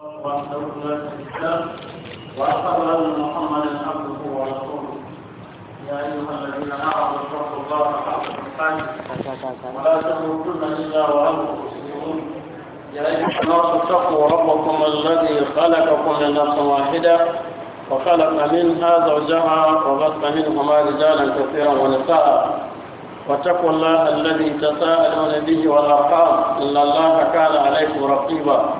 عبده ورسوله يا ايها الذين امنوا اتقوا الله ولا الا وانتم مسلمون يا ايها اتقوا ربكم الذي خلقكم من نفس واحده وخلق منها زوجها وغسل منهما رجالا كثيرا ونساء واتقوا الله الذي تساءلون به والارحام ان الله كان عليكم رقيبا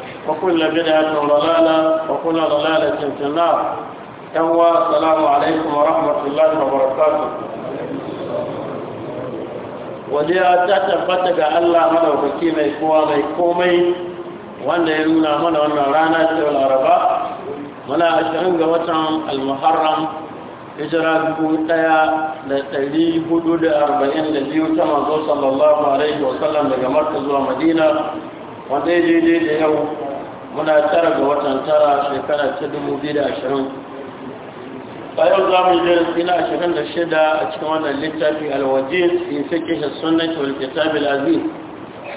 وكل بدعة ضلالة وكل ضلالة في النار كوا السلام عليكم ورحمة الله وبركاته ودي أتاتا فتك ألا من وكيما يكوى ميكومي وأن يلونا من وأن رانا سيول عرباء ولا أشعرون وطن المحرم هجرة بوتايا لتيدي حدود أربعين لديو كما صلى الله عليه وسلم لجمرت زوى مدينة ودي دي دي muna tara ga watan tara shekara ta dubu biyu da ashirin. a yau za mu yi ina ashirin da shida a cikin wannan littafi alwajiz in fiƙe shi sunan wal kitab al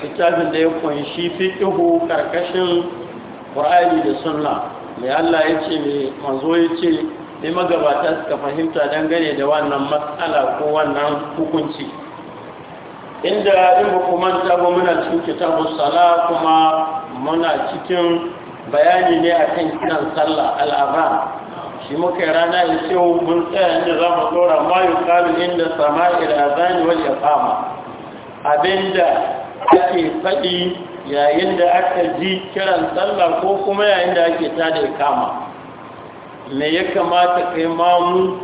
littafin da ya kunshi fiƙihu karkashin qur'ani da sunna mai Allah ya ce mai manzo ya ce mai magabata suka fahimta dangane da wannan matsala ko wannan hukunci inda in ba ku manta ba muna cikin kitabun sala kuma muna cikin bayani ne a kan kiran sallah al'azam shi muka rana ya ce mun tsaya inda za mu tsora mayu kalu inda sama ilazani wal iqama abinda ake faɗi yayin da aka ji kiran sallah ko kuma yayin da ake tada iqama me ya kamata kai mamu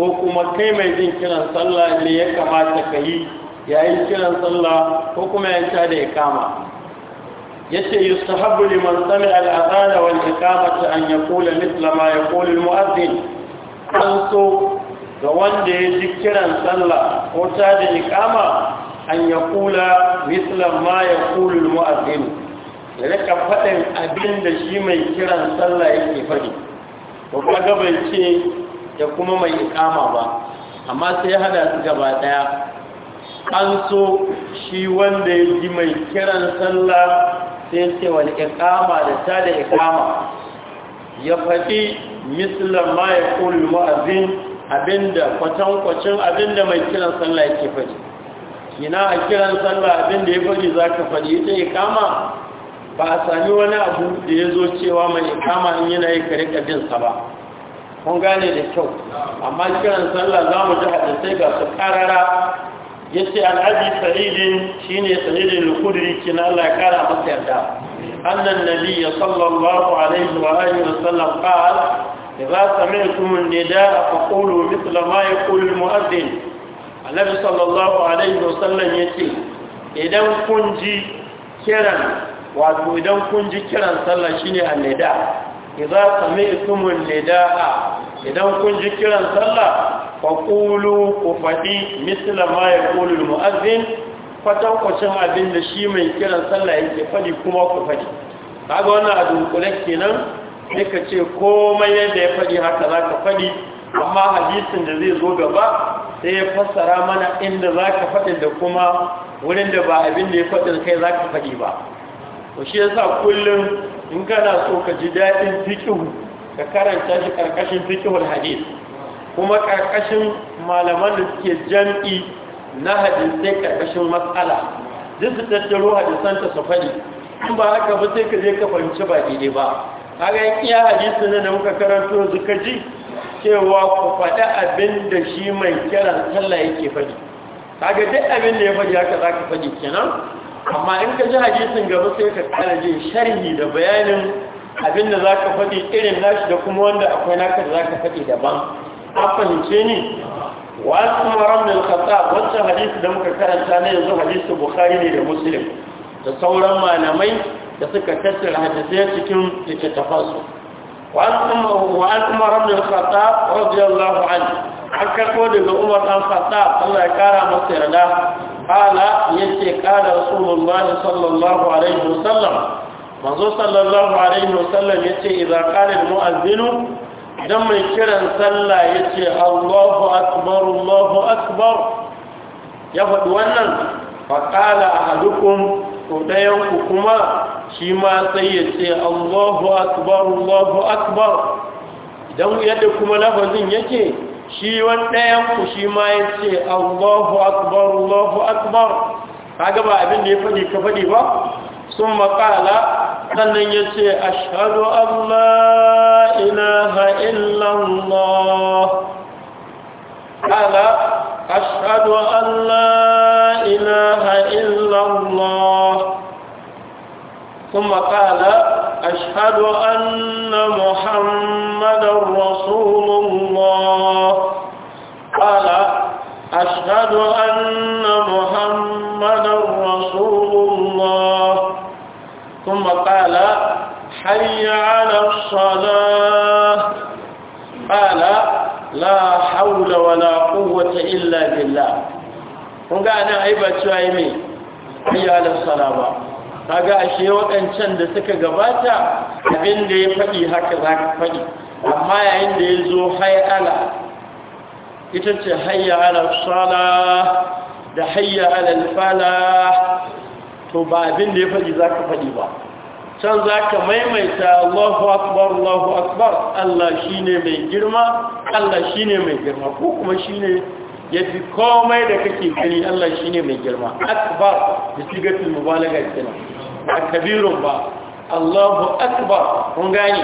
ko kuma kai mai jin kiran sallah ne ya kamata ka yi yayin kiran sallah ko kuma yayin tada iqama yace yustahabbu liman sami'a al-adhana wal iqamata an yaqula mithla ma yaqulu al-mu'adhdhin an so ga wanda ya ji kiran sallah ko ta da iqama an yaqula mithla ma yaqulu al-mu'adhdhin rika fadin abin shi mai kiran sallah yake fadi to kaga bai ce da kuma mai iqama ba amma sai hada su gaba daya an so shi wanda ya ji mai kiran sallah sai ce wani ikama da ta da ikama ya faɗi mislan ma ya kuli abinda kwacin-kwacin abinda mai kiran sallah yake faɗi Ina a kiran sallah abinda ya faɗi za ka faɗi ita ikama ba a sami wani abu da ya zo cewa mai ikama in yana yi kare binsa ba kun gane da kyau amma kiran sallah za mu ji hadisai ga su karara yace al-abi sa'id shine sa'idin al-khudri kina Allah ya kara masa yarda annan nabiyyi sallallahu alaihi wa alihi wa sallam qala idza sami'tum an-nidaa faqulu mithla ma yaqulu al-mu'adhdhin annabi sallallahu alaihi wa sallam yace idan kun ji kiran wato idan kun ji kiran sallah shine an-nidaa idza sami'tum an-nidaa idan kun ji kiran sallah faƙulu ku faɗi misla ma ya ƙulu mu'azzin kwatankwacin abin da shi mai kiran sallah yake faɗi kuma ku faɗi ga wannan a dunkule kenan sai ka ce komai yadda ya faɗi haka za ka faɗi amma hadisin da zai zo gaba sai ya fassara mana inda za ka faɗi da kuma wurin da ba abin da ya faɗi da kai za ka faɗi ba ko shi yasa kullum in kana so ka ji daɗin fikihu ka karanta shi ƙarƙashin fikihul hadis kuma ƙarƙashin malaman da suke jam'i na hadisai ƙarƙashin matsala duk su tattaro hadisan ta su faɗi in ba haka ba sai ka je ka fahimci ba daidai ba haka yin iya hadisi ne da muka karanto su ka ji cewa ku faɗi abin da shi mai kiran sallah yake faɗi haka duk abin da ya faɗi haka za ka faɗi kenan amma in ka ji hadisin gaba sai ka kara jin sharhi da bayanin abin da za ka faɗi irin nashi da kuma wanda akwai naka da za ka faɗi daban fahimce ni wa asma ramil khattab wancan hadisi da muka karanta ne yanzu hadisi bukhari ne da muslim da sauran malamai da suka tattara hadisai cikin littattafansu wa asma wa asma ramil khattab radiyallahu anhu an karko daga umar dan khattab Allah ya kara masa yarda qala yace qala rasulullah sallallahu alaihi wasallam manzo sallallahu alaihi wasallam yace idza qala al mu'adhdhinu idan mai kiran sallah ya ce allahu akbar allahu akbar ya faɗi wannan faƙala a hadukun ko ɗayanku kuma shi ma sai ya ce allahu akbar allahu akbar idan yadda kuma lafazin yake shi wani ɗayanku shi ma ya ce allahu akbar allahu akbar ka gaba abin da ya faɗi ka faɗi ba ثم قال أن يتي أشهد أن لا إله إلا الله قال أشهد أن لا إله إلا الله ثم قال أشهد أن محمد رسول الله قال أشهد أن حي على الصلاة قال لا حول ولا قوة إلا بالله kun ga nan ai ba cewa yi mai ayyalar ba. kaga ashe waɗancan da suka gabata abin ya faɗi haka za ka faɗi amma yayin da ya zo hayala ita ce hayya ala sala da hayya ala to ba abin ya faɗi za ka faɗi ba can za ka maimaita Allahu akbar Allahu akbar Allah shi ne mai girma Allah shi ne mai girma ko kuma shi shine yafi komai da kake gani Allah shi ne mai girma akbar da shi sigatul mubalaga kenan akbirun ba Allahu akbar kun gani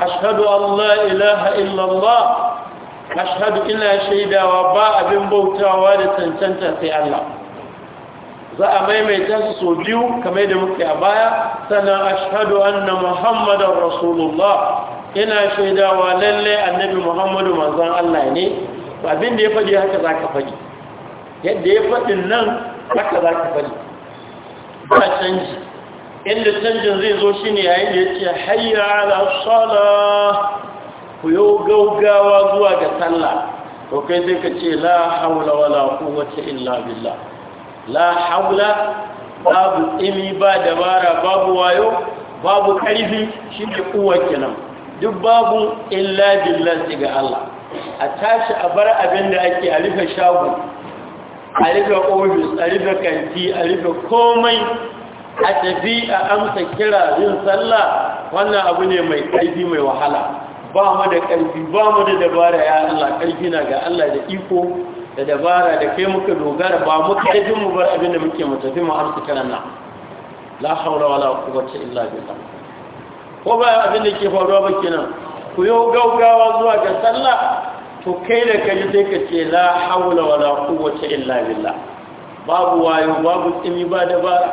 ashhadu an la ilaha illa Allah ashhadu ina shaidawa ba abin bautawa da tantanta sai Allah za a maimaita su so biyu kamar da muke a baya sannan ashhadu anna muhammadar rasulullah ina shaidawa lalle annabi muhammadu manzan Allah ne abin da ya faɗi haka za ka faɗi yadda ya faɗin nan haka za ka faɗi ba canji inda canjin zai zo shi ne yayin da ya ce hayya ala sala ku yau gaugawa zuwa ga sallah to kai sai ka ce la haula wala quwwata illa billah la haula babu imi ba dabara babu wayo babu karfi shi ne kuwa kenan duk babu illa billahi ga Allah a tashi a bar abin da ake a rufe shago a rufe ofis a rufe kanti a rufe komai a tafi a amsa kira yin sallah wannan abu ne mai karfi mai wahala ba mu da karfi ba mu da dabara ya Allah karfi na ga Allah da iko da dabara da kai muka dogara ba mu karfin mu bar abin da muke mu tafi mu amsa kanan nan la haula wala quwwata illa billah ko ba abin da ke faruwa ba kenan ku yau gaugawa zuwa ga sallah to kai da kai sai ka ce la haula wala quwwata illa billah babu wayo babu tsimi ba dabara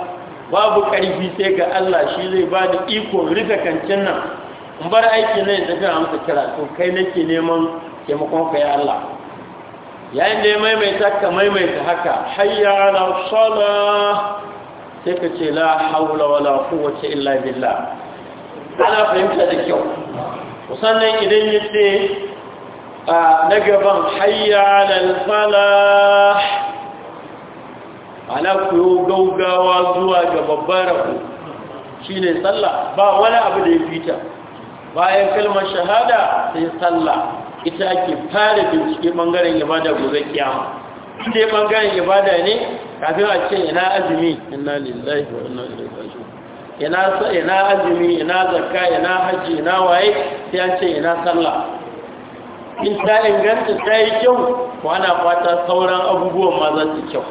babu karfi sai ga Allah shi zai ba da iko rika kancin nan in bar aiki ne da ga amsa kira to kai nake neman taimakon ka ya Allah yayin da ya maimaita ka maimaita haka hayya ala sala sai ka ce la haula wala quwwata illa billah ana fahimta da kyau sannan idan ya ce na gaban hayya ala falah ana koyo gaugawa zuwa ga babbar rabu shine sallah ba wani abu da ya fita bayan kalmar shahada sai sallah ita ake fara bincike bangaren ibada gobe kiyama inda ya bangaren ibada ne kafin a ce ina azumi ina lillahi wa ina lillahi ina ina azumi ina zakka ina haji ina waye sai an ce ina sallah in ta inganta ta yi kyau ko ana fata sauran abubuwan ma za su kyau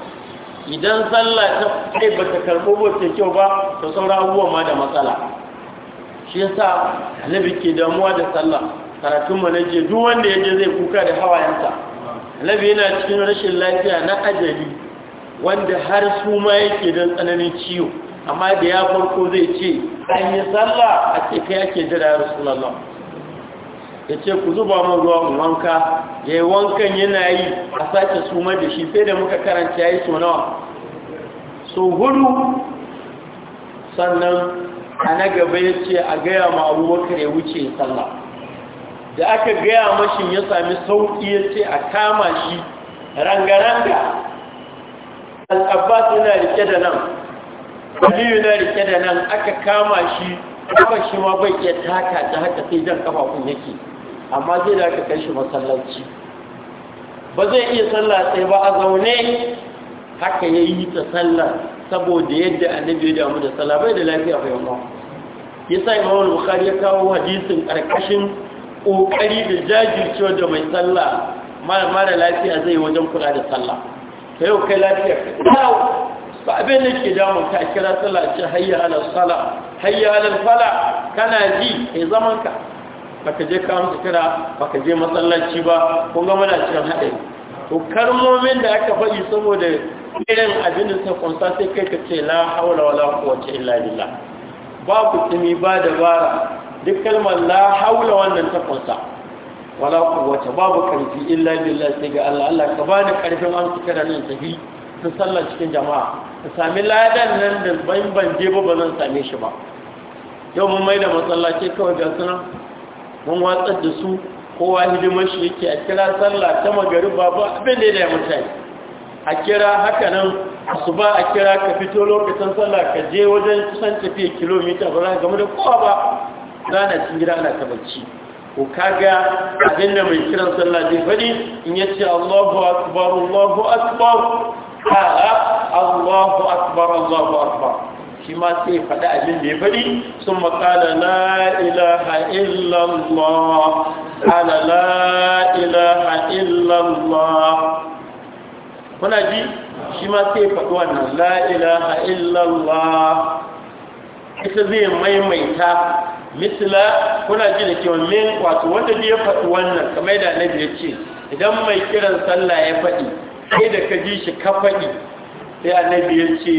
idan sallah ta kai ba ta karɓo ba ta kyau ba to sauran abubuwan ma da matsala shi yasa annabi ke damuwa da sallah karatun na je duk wanda ya je zai kuka da hawayensa annabi yana cikin rashin lafiya na ajali wanda har su ma yake don tsananin ciwo amma da ya farko zai ce an yi sallah a ce kai jira ya rasulallah ya ce ku zuba mun ruwa wanka ya yi wankan yana yi a sake suma da shi sai da muka karanta ya yi so nawa so hudu sannan a na gaba ya ce a gaya ma abubakar ya wuce sallah da aka gaya mashin ya sami sauƙi ya ce a kama shi rangaranga al'abbas yana rike da nan aliyu na rike da nan aka kama shi kuma shi ma bai iya taka ta haka sai jan kafafun yake amma zai da aka kai masallaci ba zai iya sallah sai ba a zaune haka ya yi ta sallah saboda yadda annabi ya damu da sallah bai da lafiya bai Ya yasa imam al-bukhari ya kawo hadisin ƙarƙashin. ƙoƙari da jajircewa da mai sallah mara lafiya zai wajen kula da sallah ka yau kai lafiya kawo ba abin da ke damun ka kira tsalla ce hayya halar tsalla hayya halar tsalla kana ji kai zaman ka baka je ka amsa kira baka je masallaci ba kun ga na cikin haɗari to kalmomin da aka faɗi saboda irin abin da ta kunsa sai kai ka ce la haula wala quwwata illa Ba babu tumi ba dabara duk kalmar la haula wannan ta kunsa wala quwwata babu karfi illa billah sai ga Allah Allah ka bani karfin an suka da nan tafi ta sallar cikin jama'a ta sami ladan nan da bayan ban je ba ba zan same shi ba yau mun mai da masallaci kawai ga suna mun watsar da su kowa hidimar shi yake a kira sallah ta magariba babu abin da ya mutane a kira haka nan asuba a kira ka fito lokacin sallah ka je wajen kusan tafiya kilomita ba za ka gamu da kowa ba rana cin gida ana ta bacci ko kaga abinda mai kiran sallah zai faɗi in ce Allahu akbar Allahu akbar Ha'a Allahu akbar Allahu akbar shi ma sai faɗi abin da ya faɗi sun makala la ilaha illallah ala la ilaha illallah kuna ji shi ma sai faɗi wannan la ilaha illallah ita zai maimaita misla kuna ji da kyau min wato wanda ya faɗi wannan kamar da annabi ya ce idan mai kiran sallah ya faɗi sai da ka ji shi ka faɗi sai annabi ya ce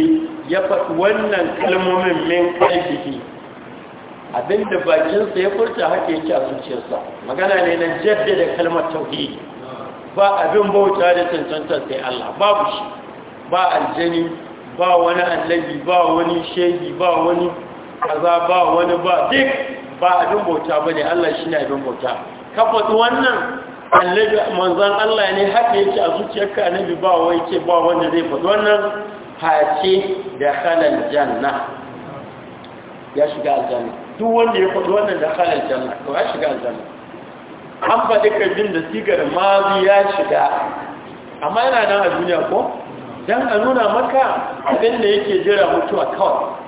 ya faɗi wannan kalmomin min ƙarfihi abinda bakinsa ya furta haka yake a zuciyarsa magana ne na jaddada kalmar tauhidi ba abin bauta da cancanta sai Allah babu shi ba aljani ba wani annabi ba wani shehi ba wani kaza ba wani ba duk ba abin bauta ba ne Allah shi ne abin bauta kafatu wannan annabi manzan Allah ne haka yake a zuciyarka annabi ba wai ce ba wanda zai faɗi wannan face da halal janna ya shiga aljanna duk wanda ya faɗi wannan da halal janna to ya shiga aljanna an faɗi kajin da sigar mazi ya shiga amma yana nan a duniya ko don a nuna maka abin da yake jira mutuwa kawai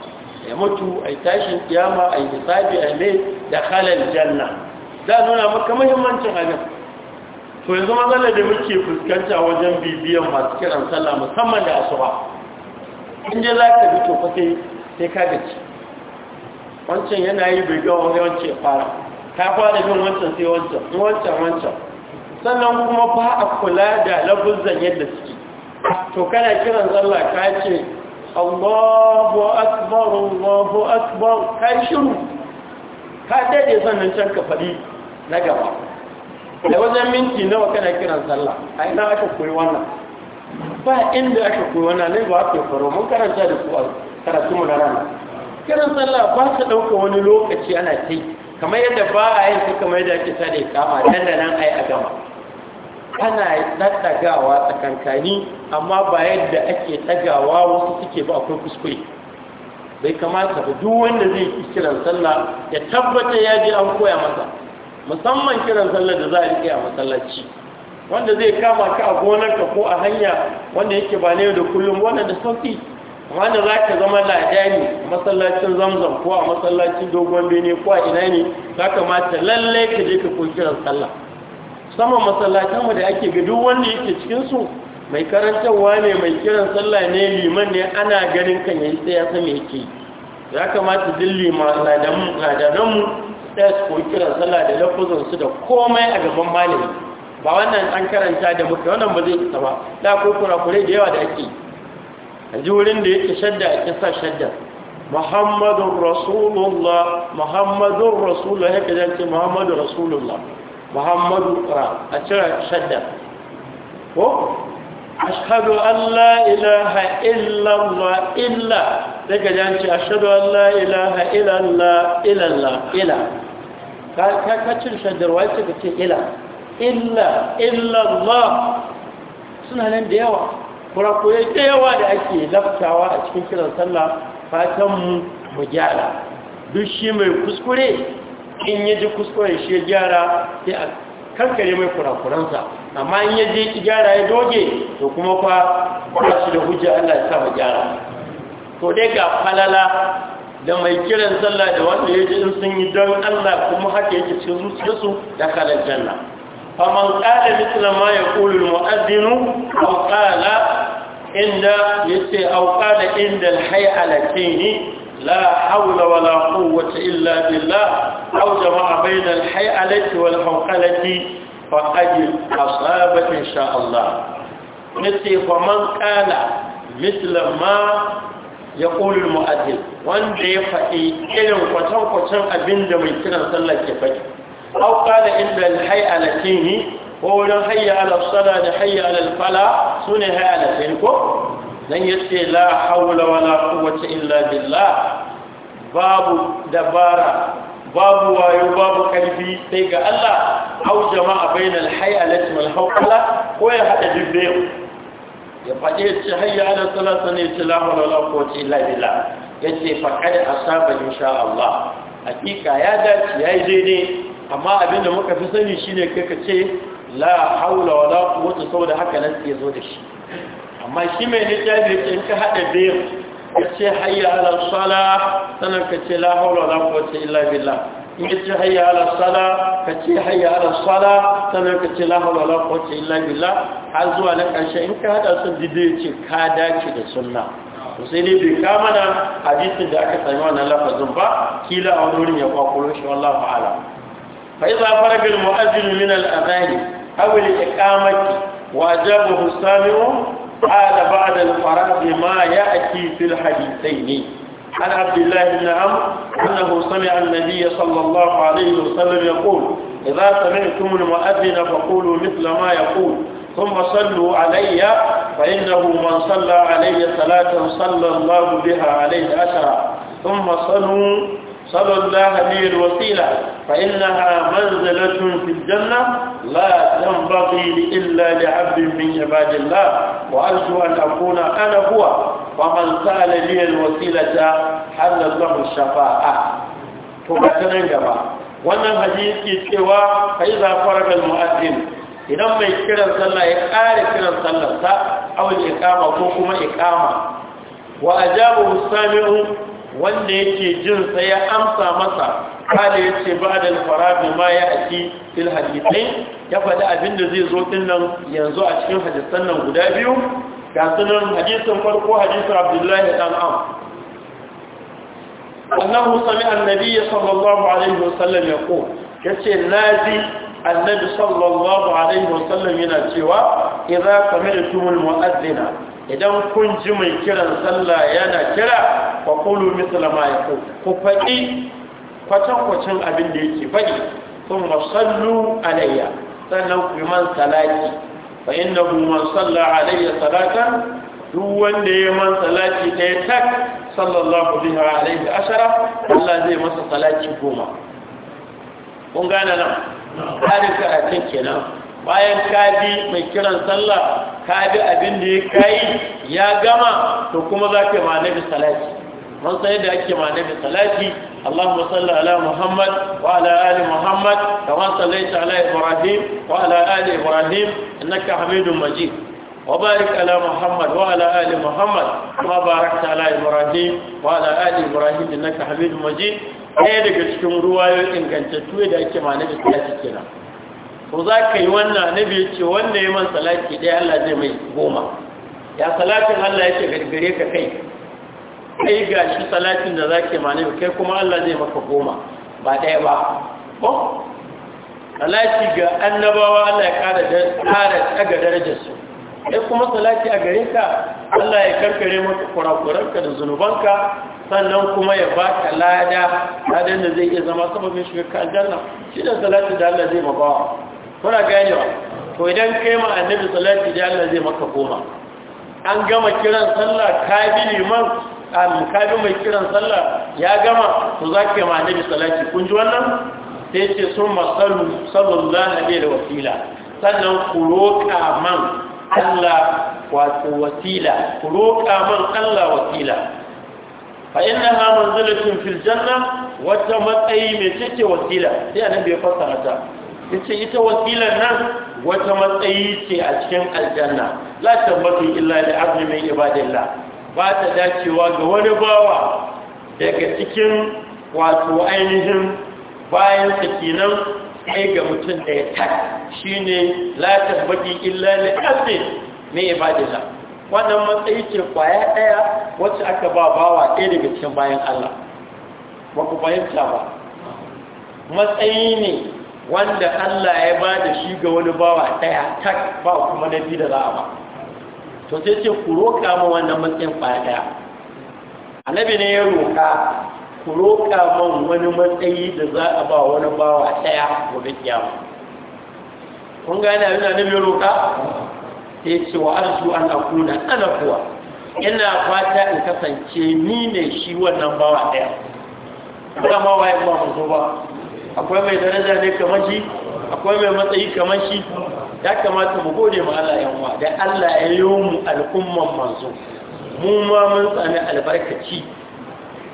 ya mutu a tashin kiyama a yi hisabi a ne da halal janna za a nuna maka mahimmancin hanyar to yanzu matsalar da muke fuskanta wajen bibiyan masu kiran sallah musamman da asuba in je za ka to fa sai ka gaci wancan yana yi bai gawa wani wancan fara ta fara bin wancan sai wancan wancan wancan sannan kuma ba a kula da labuzan yadda suke to kana kiran sallah ka ce Allahu akbar Allahu akbar kai shiru ka dade sannan can ka faɗi na gaba da wajen minti nawa kana kiran sallah ai na aka koyi wannan ba inda aka koyi wannan ne ba aka faro mun karanta da ku karatu mun na rana kiran sallah ba ta dauka wani lokaci ana kai kamar yadda ba a yin kamar yadda ake sa da kama nan ai a gama ana ɗaɗɗagawa tsakankani amma ba yadda ake ɗagawa wasu suke ba akwai kuskure bai kamata ba duk wanda zai yi kiran sallah ya tabbata ya je an koya masa musamman kiran sallah da za a riƙe a masallaci wanda zai kama ka a gonarka ko a hanya wanda yake ba ne da kullum wannan da sauki wanda za ka zama ladani masallacin zamzam ko a masallacin dogon bene ko a ina ne za kamata lallai ka je ka koyi kiran sallah saman masallatanmu da ake ga duk wanda yake cikinsu mai karantarwa ne mai kiran sallah ne liman ne ana ganin kan yayi sai ya san me yake ya kamata duk liman da nan mu su ko kiran sallah da lafuzin su da komai a gaban malami ba wannan an karanta da muka wannan ba zai isa ba da ko kura-kure da yawa da ake a ji wurin da yake shadda a kisa shadda muhammadun rasulullah muhammadun rasulullah ya kaje muhammadun rasulullah muhammadu a cire shadda ko ashadu allah ilaha illallah illa daga janci ashadu allah ilaha illallah illallah ila ka cire shaddar wai suka ce ila illa illallah suna nan da yawa Kura kurakurai da yawa da ake laftawa a cikin kiran sallah fatanmu mu gyara duk shi mai kuskure in ya ji kuskure shi ya gyara sai a kankare mai kurakuransa amma in ya ji gyara ya doge to kuma fa ba da hujja Allah ya sa gyara to dai ga falala da mai kiran sallah da wanda ya ji in sun yi don Allah kuma haka yake cikin zuciyarsu da kalan janna faman qala mithla ma yaqulu al-mu'adhdhin aw qala inda yace aw qala inda al-hay'alatayn لا حول ولا قوة إلا بالله أو جمع بين الحيئلة والحوقلة فقد أصاب إن شاء الله مثل فمن قال مثل ما يقول المؤذن وان دي فقي إلن قطن قطن أبن دمين كنا صلى كفك أو قال إن الحيئلتين وولن حي على الصلاة حي على الفلا سنة حيئلتين كو dan yace la haula wala quwwata illa billah babu dabara babu wayo babu karfi sai ga Allah au jama'a bainal hayalati wal hawla ko ya hada dubbe ya faɗe ce hayya ala salata ne ce la haula wala quwwata illa billah yace faqad asaba insha Allah hakika ya dace yayi daidai amma abinda muka fi sani shine kai ka ce la haula wala quwwata saboda haka nan sai zo da shi amma shi mai hijabi in ka haɗa biyu ka ce hayya ala sala sannan ka ce la haula wala quwwata illa billah in ka ce hayya ala sala ka ce hayya ala sala sannan ka ce la haula wala quwwata illa billah har zuwa na ƙarshe in ka haɗa su bidiyo ce ka dace da sunna sai ne bai kama da hadisin da aka sami wannan lafazin ba kila a wani wurin ya kwakwalo shi wallahu ala fa iza faraga al mu'azzin min al adhan aw al iqamati wajabahu sami'u قال بعد الفراغ ما يأتي في الحديثين عن عبد الله بن عمرو أنه سمع النبي صلى الله عليه وسلم يقول إذا سمعتم المؤذن فقولوا مثل ما يقول ثم صلوا علي فإنه من صلى علي صلاة صلى الله بها عليه أشرا ثم صلوا صلى الله لي الوسيلة فإنها منزلة في الجنة لا تنبغي إلا لعبد من عباد الله وأرجو أن أكون أنا هو ومن سأل لي الوسيلة حل الله الشفاعة تبتنين جبا وانا hadisi ke cewa fa iza faraga muazzin idan mai kiran sallah ya kare kiran sallarsa aw al-iqama wanda yake jin sai ya amsa masa kada ya ce ba da alfarabi ma ya aki fil hadisai ya faɗi abinda zai zo din nan yanzu a cikin hadisan nan guda biyu ga sunan hadisin farko hadisin abdullahi dan am annahu sami annabi sallallahu alaihi wasallam ya ko yace nazi annabi sallallahu alaihi wasallam yana cewa idza sami'tumul mu'adhdhina idan kun ji mai kiran sallah yana kira fa qulu mithla ma ku faɗi kwatankwacin abin da yake faɗi thumma sallu alayya sannan ku man salati fa innahu man salla alayya salatan duk wanda ya man salati ɗaya tak sallallahu biha alayhi ashara Allah zai masa salati goma kun gane nan tsarin karatun kenan bayan ka bi mai kiran sallah ka bi abin da ya kai ya gama to kuma za ka ma nabi salati mun sai yadda ake ma nabi salati Allahumma salli ala Muhammad wa ala ali Muhammad kama sallaita ala Ibrahim wa ali Ibrahim innaka وبارك على محمد وعلى آل محمد كما باركت على إبراهيم وعلى آل إبراهيم إنك حميد مجيد ɗaya daga cikin ruwayoyin ingantattu da ake ma na da kenan to za ka yi wannan annabi ya ce wannan ya man salati ɗaya Allah zai mai goma ya salatin Allah ya ce gargare ka kai kai ga shi salatin da za ke mani kai kuma Allah zai maka goma ba ɗaya ba ko salati ga annabawa Allah ya ƙara daga darajarsu sai kuma salati a gare ka Allah ya karkare maka kurakuranka da zunubanka sannan kuma ya ba ka lada ladan da zai iya zama sababin shiga aljanna shi da salati da Allah zai mabawa kuna ganewa to idan kai ma annabi sallallahu da wasallam zai maka goma an gama kiran sallah ka bi liman ka bi mai kiran sallah ya gama to zaka ma annabi salati kun ji wannan sai ce sun masalu sallallahu alaihi da wasila sannan ku roƙa man Allah wato wasila ku roƙa man Allah wasila fa innaha manzilatun fil janna wata matsayi mai cike wasila sai annabi ya fassara ta ita ita wakilan nan wata matsayi ce a cikin aljanna la tabbatu illa li abdi min ibadillah ba ta dacewa ga wani bawa daga cikin wato ainihin bayan sakinan sai ga mutum da ya tak shine la tabbati illa li abdi min ibadillah wannan matsayi ce kwaya daya wacce aka ba bawa ɗaya daga cikin bayan Allah ba ku fahimta ba matsayi ne wanda Allah ya ba da shi ga wani bawa ɗaya tak ba kuma na da za a ba to sai ce ku roƙa ma wannan matsayin ba ɗaya annabi ne ya roƙa ku roƙa man wani matsayi da za a ba wani bawa ɗaya gobe kiyama kun gane abin da annabi ya roƙa sai ce wa arzu an akuna ana kuwa ina fata in kasance ni ne shi wannan bawa ɗaya kuma ma waye ba mu zo ba akwai mai daraja ne kamar shi akwai mai matsayi kamar shi ya kamata mu gode ma Allah yan wa. da Allah ya yi mu al'umman manzo mu ma mun tsani albarkaci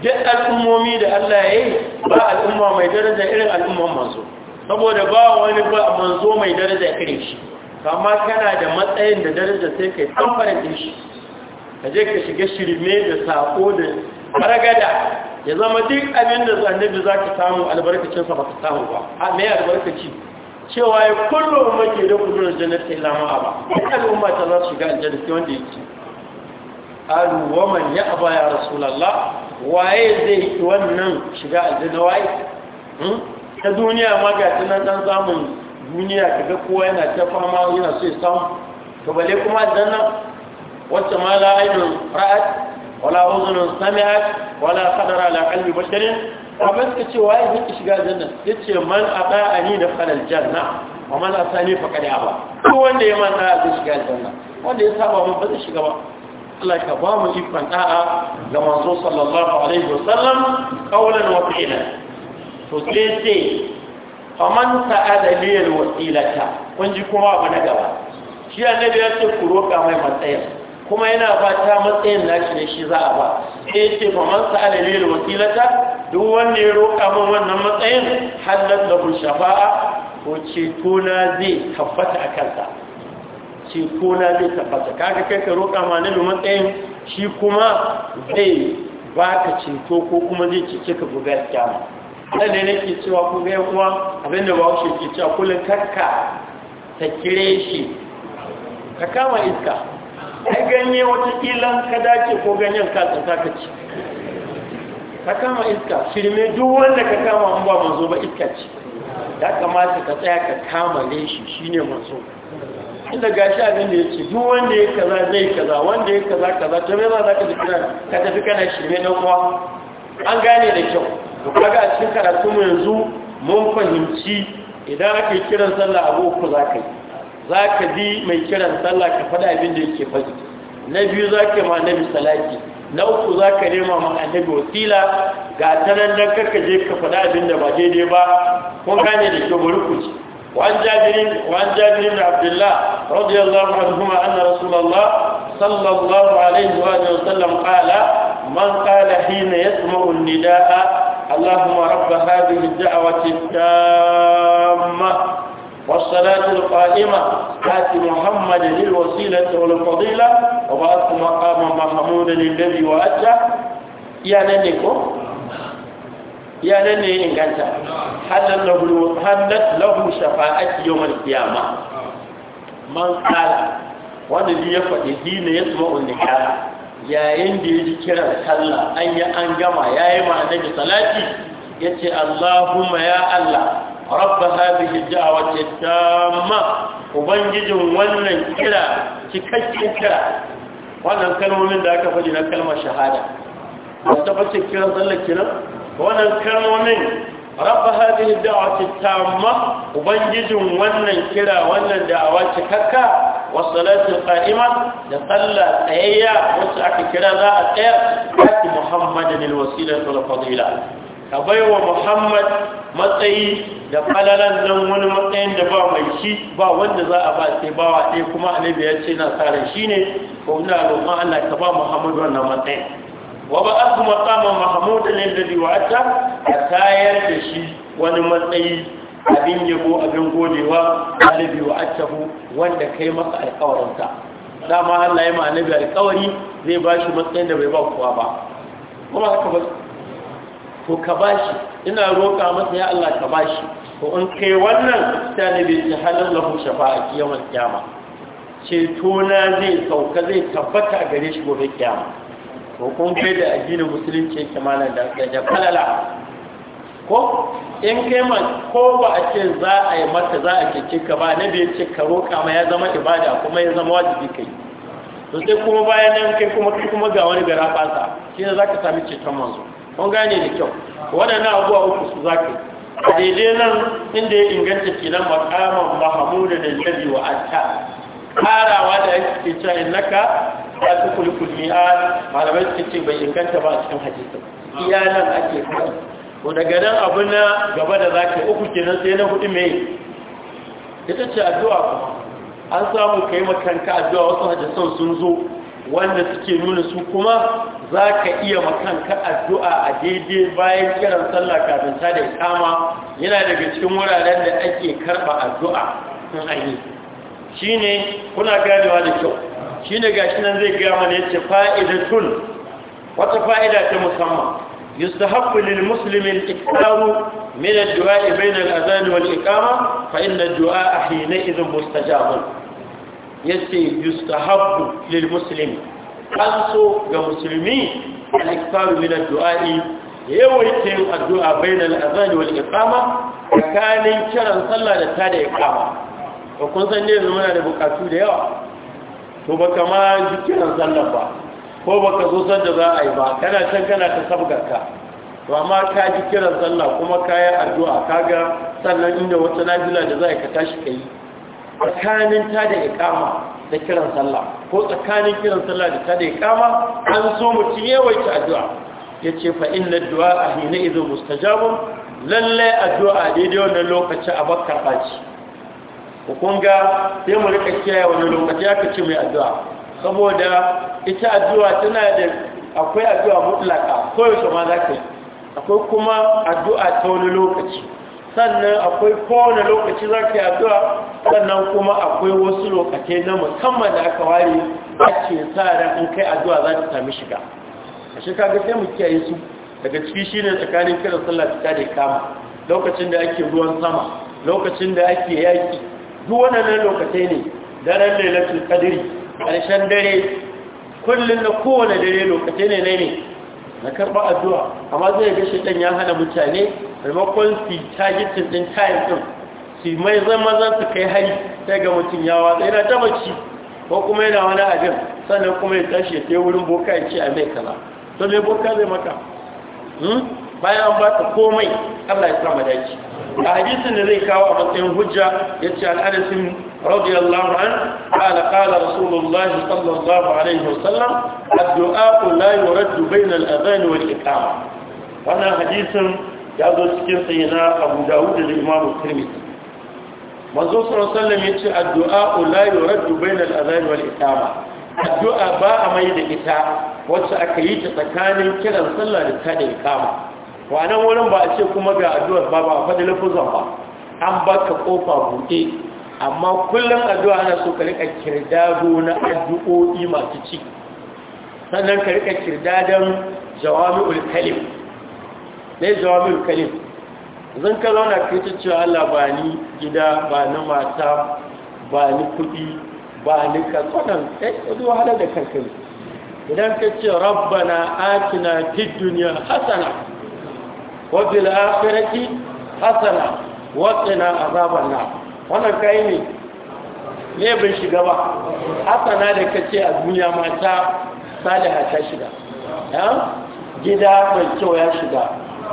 duk al'ummomi da Allah ya yi ba al'umma mai daraja irin al'umman manzo saboda ba wani ba manzo mai daraja irin shi amma kana da matsayin da daraja sai kai tambarin din shi kaje ka shiga shirme da sako da fargada ya zama duk abin da annabi za ka samu albarkacinsa ba ka samu ba a mai albarkaci cewa ya kullo ke da kudurar ta ilama ba duk al'umma ta za su shiga aljanna ta wanda ya alu waman ya aba ya rasulallah waye zai yi wannan shiga aljanna waye hmm? ta duniya ma ga tunan dan samun duniya ga kowa yana ta fama yana so ya samu ka bale kuma aljanna wacce ma la ra'ad ra'at wala uzunun sami'at wala qadara ala qalbi basharin abin ka ce waye yake shiga janna yace man ata'ani da khalal janna wa man asani faqad aba ko wanda ya man da'a shiga janna wanda ya saba mun ba zai shiga ba Allah ka ba mu ikon da'a ga manzo sallallahu alaihi wasallam qawlan wa fi'la to sai sai wasilata kun ji kuma na gaba shi annabi ya ce ku roƙa mai matsayin kuma yana fata matsayin nashi ne shi za a ba sai ce fa man sa'ala da wasilata duk wanda ya roƙa min wannan matsayin da kun shafa'a ko cetona zai tabbata a kansa ceto na zai tabbata kaga kai ka roƙa ma nabi matsayin shi kuma zai ba ka ceto ko kuma zai cece ka buga kiyama dan ne nake cewa ku ga kuma abinda ba shi ke cewa kullun kakka ta kire shi ka kama iska ai ganye watakila ka dace ko ganyen ka tsaka ka ci ka kama iska shirme duk wanda ka kama an ba manzo ba iska ce ya kamata ka tsaya ka kama ne shi shine manzo inda gashi abin da ya ce duk wanda ya kaza zai kaza wanda ya kaza kaza ta mai ba za ka ka tafi kana shirme na kuwa an gane da kyau Duk kaga a cikin karatu mu yanzu mun fahimci idan aka yi kiran sallah abu ku za ka yi za ka bi mai kiran sallah ka faɗa abin da yake faɗi na biyu za ka ma na salati na uku za ka nema ma annabi wasila ga ta nan dan karka je ka faɗa abin da ba daidai ba kun gane da kyau bari ku ci وعن جابر وعن جابر بن عبد الله رضي الله عنهما أن رسول الله صلى الله عليه وآله وسلم قال من قال حين يسمع النداء اللهم رب هذه الدعوة والصلاة القائمة آت محمد للوسيلة والفضيلة وبعث مقام محمود للذي وأتى يا نيكو يا نني إن كانت حلت له حلت له شفاعة يوم القيامة من قال wanda ya faɗi dina ya tsuma unika yayin da ya ji kiran sallah an yi an gama ya yi ma annabi salati ya ce allahumma ya allah رب هذه الدعوة التامة وبنجد wannan kira, تكشف kira. wannan kalmomin da aka faɗi na kalmar shahada wasu tabbacin kiran tsallar kiran wannan kalmomin rabba hadhihi da'wati tamma ubangijin wannan kira wannan da'awa cikakka was salatu qa'ima da sallah tsayayya wacce aka kira za a tsaya ki muhammadin al wasila wal fadila ka bai wa muhammad matsayi da falalan nan wani matsayin da ba mai shi ba wanda za a ba sai bawa ɗaya kuma annabi ya ce na tsarin shi ne ko ina roƙon allah ka ba muhammad wannan matsayin wa ba a kuma tsama ne da lalabi a tayar da shi wani matsayi abin yabo abin godewa annabi wa attahu wanda kai masa alkawarinta dama allah ya ma annabi alƙawari zai ba shi matsayin da bai ba kowa ba to ka bashi ina roƙa masa ya Allah ka bashi to in kai wannan ta ji bai ci halin lahu shafa'a kiyamar kiyama ceto na zai sauka zai tabbata a gare shi gobe kiyama Ko kun kai da addinin musulunci yake malam da ya falala ko in kai ma ko ba a ce za a yi mata za a kike ka ba na bai ce ka roƙa ma ya zama ibada kuma ya zama wajibi kai to sai kuma bayan nan kai kuma kai kuma ga wani gara fasa shi ne za ka sami ceton manzo mun gane da kyau waɗanda abuwa uku su za ka a daidai nan inda ya inganta kenan makaman mahamudu da nabi wa atta karawa da yake ke cewa naka ya fi kulkulmi a malamai suke ce bai inganta ba a cikin hadisin iya nan ake kai ko daga nan abu na gaba da za ka uku kenan sai na hudu mai ita ce addu'a kuma an samu kai makanka addu'a wasu hadisan sun zo wanda suke nuna su kuma za ka iya makanka addu'a a daidai bayan kiran sallah kafin ta da kama yana daga cikin wuraren da ake karɓa addu'a sun hanyi shi ne kuna ganewa da kyau shi ne ga shi nan zai gama ne ce tun. wata fa'ida ta musamman يستحق للمسلم الإكثار من الدعاء بين الأذان والإقامة فإن الدعاء حينئذ مستجاب yace yustahabbu lil muslimi an so ga musulmi al-iktaru min ad-du'a'i yawaitin addu'a al-adhan wal iqama tsakanin kiran sallah da da iqama ko kun san ne muna da bukatu da yawa to ba ma ji kiran sallah ba ko ba ka so san da za a yi ba kana san kana ta sabgarka to amma ka ji kiran sallah kuma ka yi addu'a kaga sannan inda wata najila da za ka tashi kai tsakanin ta da ikama da kiran sallah ko tsakanin kiran sallah da ta da ikama an so mutum yawaita addu'a ya ce fa inna addu'a a hina izo mustajabun lalle addu'a daidai wannan lokaci a bakar ɓaci ga sai mu rika kiyaye wani lokaci aka ce mai addu'a saboda ita addu'a tana da akwai addu'a mutlaka koyaushe ma za ka yi akwai kuma addu'a ta wani lokaci sannan akwai kowane lokaci za ka yi addu'a sannan kuma akwai wasu lokacin na musamman da aka ware ake sa ran in kai addu'a za ta sami shiga a shekaru sai mu kiyaye su daga ciki shi ne tsakanin kiran sallah ta da kama lokacin da ake ruwan sama lokacin da ake yaki duk wannan lokacin ne daren lailatul qadri karshen dare kullun da kowane dare lokacin ne ne na karba addu'a amma zai ga ɗan ya hana mutane maimakon su tagitin din time din su mai zama su kai hari sai ga mutum ya watsa yana ta baci ko kuma yana wani abin sannan kuma ya tashi ya kai wurin boka ya ce a mai kaza to me boka zai maka hmm? bayan an ba komai Allah ya sama dace a hadisin da zai kawo a matsayin hujja ya ce al'adasin radiyallahu an ala qala rasulullahi sallallahu alaihi wasallam addu'a la yuraddu bayna al-adhan wal iqama wannan hadisin ya zo cikin sayyidina Abu Dawud da Imam Tirmidhi manzo sallallahu alaihi yace addu'a la yuraddu na adhan wal iqama addu'a ba a mai da ita wacce aka yi ta tsakanin kiran sallah da ta da iqama wannan wurin ba a ce kuma ga addu'a ba ba fa lafuzan ba an baka kofa buɗe amma kullum addu'a ana so ka rika kirdado na addu'o'i masu ci sannan ka rika kirdadan jawami'ul kalim ne jawami'ul kalim zan ka zauna ka ta cewa Allah ba ni gida ba ni mata ba ni kudi, ba ni kasonan kai eh, kudu wahalar da kankan idan ka ce rabbana atina fid duniya hasana wa fil akhirati hasana wa qina azaban nar wannan kai ne ne bai shiga ba hasana da ka ce a duniya mata saliha ta shiga eh? gida mai kyau ya shiga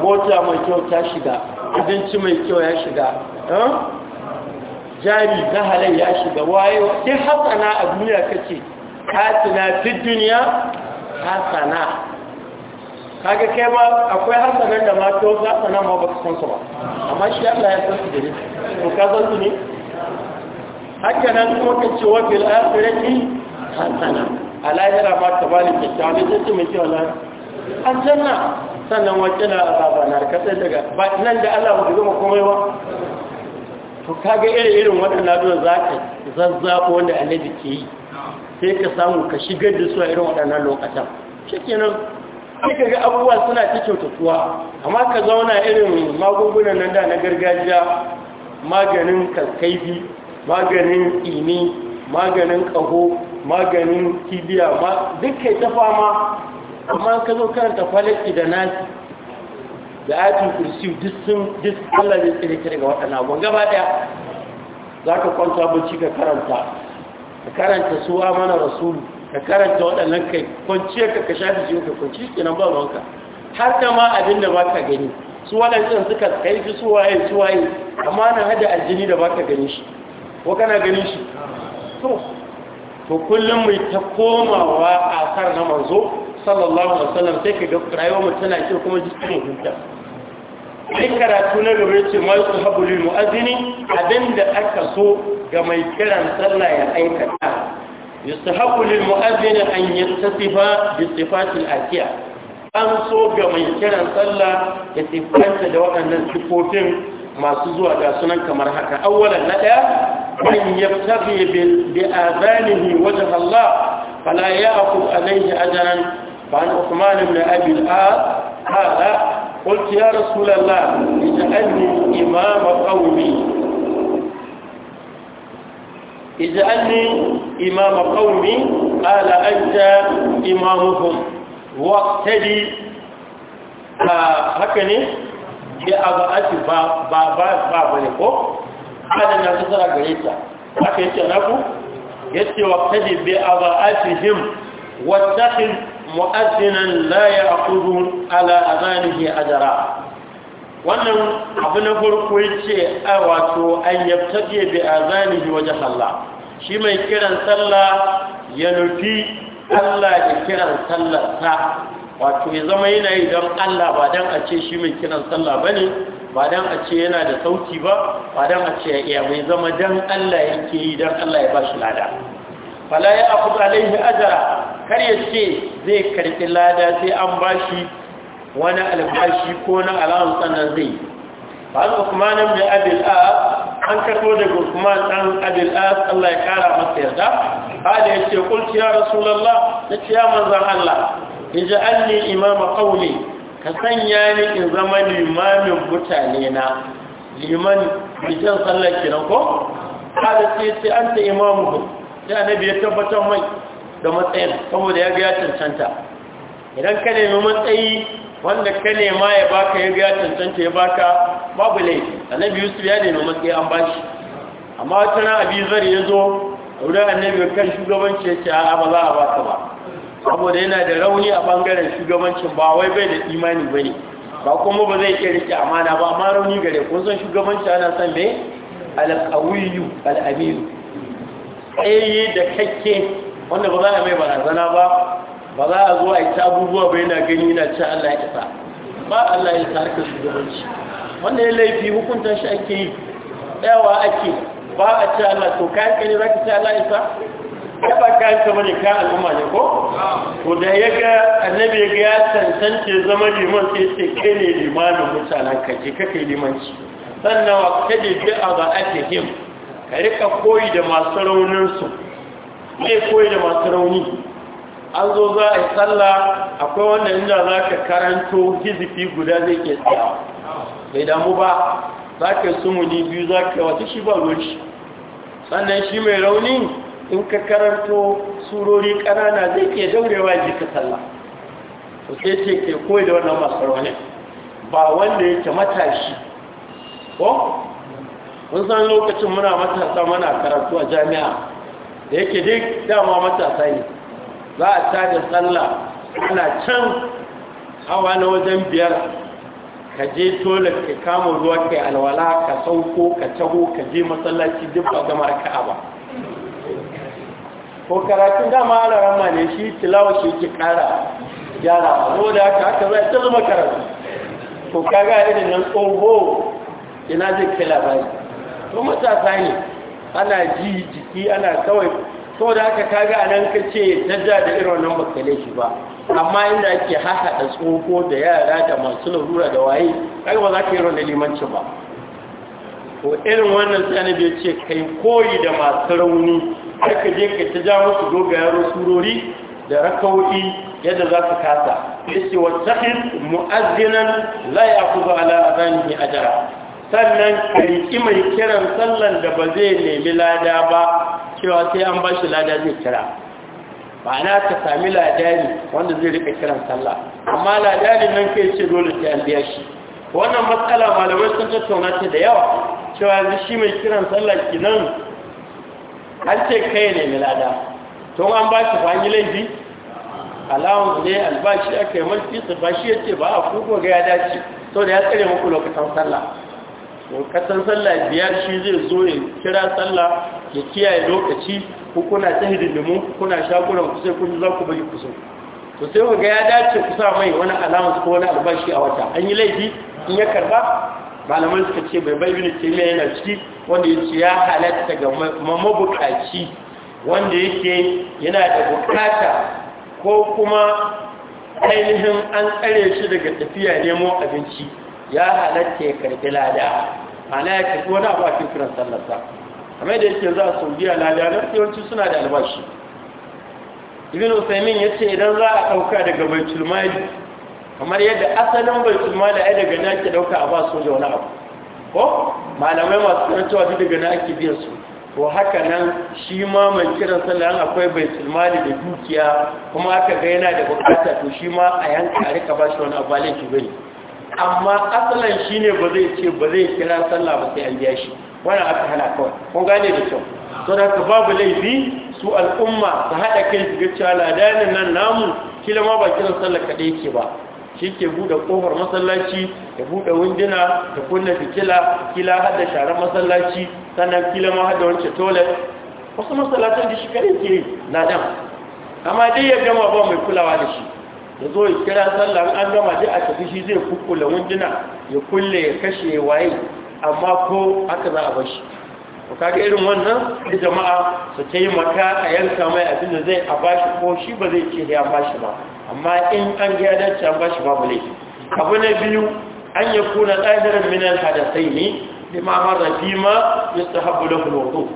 mota mai kyau ta shiga abinci mai kyau ya shiga eh? jari ta halai ya shiga wayo sai hasana a duniya kace katina fi duniya hasana kaga kai ma akwai hasanan da ma to hasana ma baka san su ba amma shi Allah ya san su da ni to ka san su ne hakan nan kuma kace wa bil akhirati hasana a lahira ma ta bani kyakkyawa ne sai mai kyau na aljanna sannan wakila baba na katsai daga ba nan da Allah ba gama komai ba to kaga irin irin waɗannan zuwa za ka zazzabo wanda annabi ke yi sai ka samu ka shigar da suwa irin waɗannan lokacin nan sai ka ga abubuwa suna ta kyautatuwa amma ka zauna irin magungunan nan da na gargajiya maganin kaskaifi maganin ini maganin ƙaho maganin kibiya ma duk kai ta fama amma ka zo karanta falaki da nasi da ayatul kursi duk sun duk Allah zai tsare ka daga waɗannan abubuwan gaba ɗaya za ka kwanta bacci ka karanta ka karanta suwa mana rasulu ka karanta waɗannan kai kwanciya ka ka shafi jiyo ka kwanci kenan ba wanka har da ma abin da baka gani su waɗancan suka kai su suwaye suwaye amma na hada aljini da baka gani shi ko kana gani shi to to kullum mai ta komawa a kar na manzo sallallahu alaihi wasallam sai ka ga rayuwar mu tana kyau kuma jikin karatu na gaba yace lil mu'azzini abinda aka so ga mai kiran sallah ya aikata lil mu'azzini an yattasifa bi sifatil akiya an so ga mai kiran sallah ya da waɗannan sifofin masu zuwa ga sunan kamar haka awwalan na daya an yabtaghi bi azanihi wajha Allah fala ya'qu alayhi ajran فعن عثمان بن أبي الآب قال قلت يا رسول الله اجعلني إمام قومي اجعلني إمام قومي قال أنت إمامهم واقتدي آه، يا أبا هكذا بابا بابا بابنكم هذا الناس ترى قريتا هكذا يتنقوا يتوقتدي بأبعاتهم واتخذ mu'azzinan la ya'khudhu ala adanihi ajra wannan abu na farko yace a wato an yabtaje bi azanihi wajen Allah shi mai kiran sallah ya nufi Allah ya kiran ta. wato ya zama yana yi don Allah ba don a ce shi mai kiran sallah bane ba don a ce yana da sauti ba ba don a ce ya mai zama don Allah yake yi don Allah ya ba shi lada fala ya aku alaihi ajara kar ya ce zai karɓi lada sai an ba shi wani albashi ko na alawun sannan zai ba su hukumanin mai abil'a an kato daga hukuman ɗan abil'a Allah ya ƙara masa yarda ba da ya ce kulci ya rasulallah na ce ya manzan Allah in ji an ne imama ƙauli ka sanya ni in zama limamin mutane na liman bikin sallar kiran ko? da ce ce an ta imamu sai nabi ya tabbatar mai da matsayin saboda ya biya cancanta idan ka nemi matsayi wanda ka nema ya baka ya biya cancanta ya baka babu laifi annabi yusuf ya nemi matsayi an bashi amma wata na abi ya zo a wurin annabi kan shugabanci ya ce a ba za a baka ba saboda yana da rauni a bangaren shugabanci ba wai bai da imani ba ne ba kuma ba zai iya rike amana ba amma rauni gare kun san shugabanci ana san me alƙawiyu al'amiru tsayayye da kakke wanda ba za a mai barazana ba ba za a zo a yi ta abubuwa bai na gani na, ci Allah ya isa ba Allah ya isa harkar shugabanci wanda ya laifi hukunta shi ake yi ɗawa ake ba a ci Allah to kayan kani za ka ci Allah ya isa ya ba kayan ka bane kayan al'umma ne ko to da ya ga annabi ya ga ya tantance zama liman sai ce kai ne limanin mutanen ka je kai limanci sannan wa kaje ba ake him ka rika koyi da masu rauninsu mai koyi da masu rauni an zo za a yi sallah akwai wanda inda za ka karanto hizifi guda zai ke tsaya bai damu ba za ka yi sumuni biyu za ka wata shi ba roci sannan shi mai rauni in ka karanto surori kanana zai ke daurewa ji ka sallah to sai ce ke koyi da wannan masu rauni ba wanda yake matashi ko mun san lokacin muna matasa mana karatu a jami'a da yake duk dama matasa ne za a tada sallah ana can hawa na wajen biyar ka je tolar ka kama ruwa ka alwala ka sauko ka taho ka je masallaci duk ba gama raka'a ba ko karatu dama ana rama ne shi tilawa shi ki kara gyara zo da haka haka zai ta zama karatu ko kaga irin nan tsoho ina zai kai labari to matasa ne ana ji jiki ana kawai sau da haka kaga a nan ka ce dajja da irin wannan bakale shi ba amma inda ake hahaɗa tsoho da yara da masu la'u-lura da waye kaga ba za ka yi wannan limanci ba ko irin wannan sanabi ya ce kai koyi da masu rauni har ka je ka ta ja musu dogayen surori da rakauɗi yadda za su kasa ya ce wata mu'azzinan la ya kuzo ala azanihi ajara sannan ka mai kiran sallan da ba zai nemi lada ba cewa sai an ba shi lada zai kira ba na ka sami ladani wanda zai riƙa kiran sallah amma ladani nan kai ce dole sai an biya shi wannan matsala malamai sun tattauna ta da yawa cewa yanzu shi mai kiran sallah kinan an ce kai nemi lada tun an ba shi ba an yi laifi alawun ne albashi aka yi mulki su ba shi ya ce ba a kuka ga ya dace sau da ya tsare muku lokacin sallah to kasan sallah biyar shi zai zo ya kira sallah ya kiyaye lokaci ko kuna ta hidindimu kuna shakunan ku sai kun za ku bari ku so to sai ku ga ya dace ku sa mai wani alama ko wani albashi a wata an yi laifi in ya karba malaman suka ce bai bai bin taimiyya yana ciki wanda ya ya halatta ga mabukaci wanda yake yana da bukata ko kuma ainihin an tsare shi daga tafiya nemo abinci ya halatta ya karbi lada ana ya kasu wani abu a kiran sallarsa kamar da yake za a biya lada na yawanci suna da albashi ibn usaimin ya ce idan za a ɗauka daga baitul mali kamar yadda asalin baitul mali ai daga na ke ɗauka a ba soja wani abu ko malamai masu karantawa duk daga na ake biyan su ko haka nan shi ma mai kiran sallan akwai baitul mali da dukiya kuma aka ga yana da bukata to shi ma a yanka a rika ba shi wani abu ba laifi bane amma asalan shi ne ba zai ce ba zai kira sallah ba sai an biya shi wannan aka hana kawai kun gane da kyau to da ka babu laifi su al'umma su haɗa kai su ga cewa ladanin nan namu kila ma ba kiran sallah kaɗai yake ba shi ke buɗe ƙofar masallaci ya buɗe wunduna da kunna fitila kila hada sharar masallaci sannan kila ma hada wancan toilet wasu masallacin da shi kare ke na ɗan. amma dai ya gama ba mai kulawa da shi ya zo ya kira sallah an gama ji a tafi shi zai kukkula wunduna ya kulle ya kashe waye amma ko aka za a bar shi ko kaga irin wannan da jama'a su taimaka a yanka mai abin da zai a bashi ko shi ba zai ce ya bashi ba amma in an ga dace an bashi babu laifi abu na biyu an ya kuna tsadirin minan al ne da ma'amar mar ma yastahabbu lahu al wudu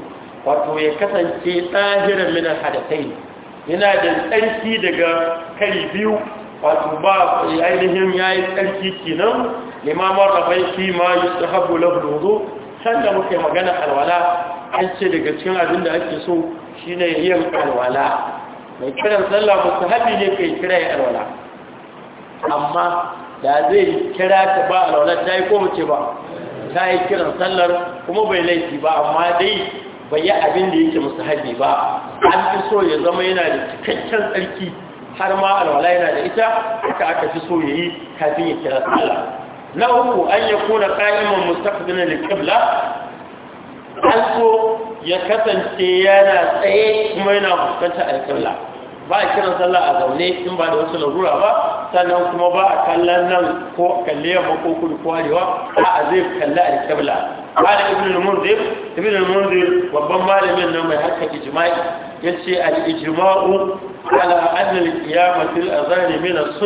wato ya kasance tsadirin minan al ne yana da tsarki daga kai biyu wato ba ainihin ya yi tsarki kenan Limamar rabai fi ma yi su habu lafuzo sanda muke magana alwala an ce daga cikin abin da ake so shi ne yin alwala mai kiran sallah musu haɗi ne kai kira ya alwala amma da zai kira ta ba alwala ta yi ko mace ba ta yi kiran sallar kuma bai laifi ba amma dai bai yi abin da yake mustahabi ba an fi so ya zama yana da cikakken tsarki har ma alwala yana da ita haka aka fi so ya yi kafin ya kira sallah na uku an ya kona ka'iman mustaqbilin al-qibla an so ya kasance yana tsaye kuma yana fuskantar al-qibla ba a kiran sallah a zaune in ba da wasu larura ba sannan kuma ba a kallon nan ko kalle yamma ko kudu ko arewa a zai kalli alkabla ala ibn al-munzir ibn al-munzir babban malamin nan mai harka ijma'i yace al-ijma'u ala anna al-qiyamati al-azan min as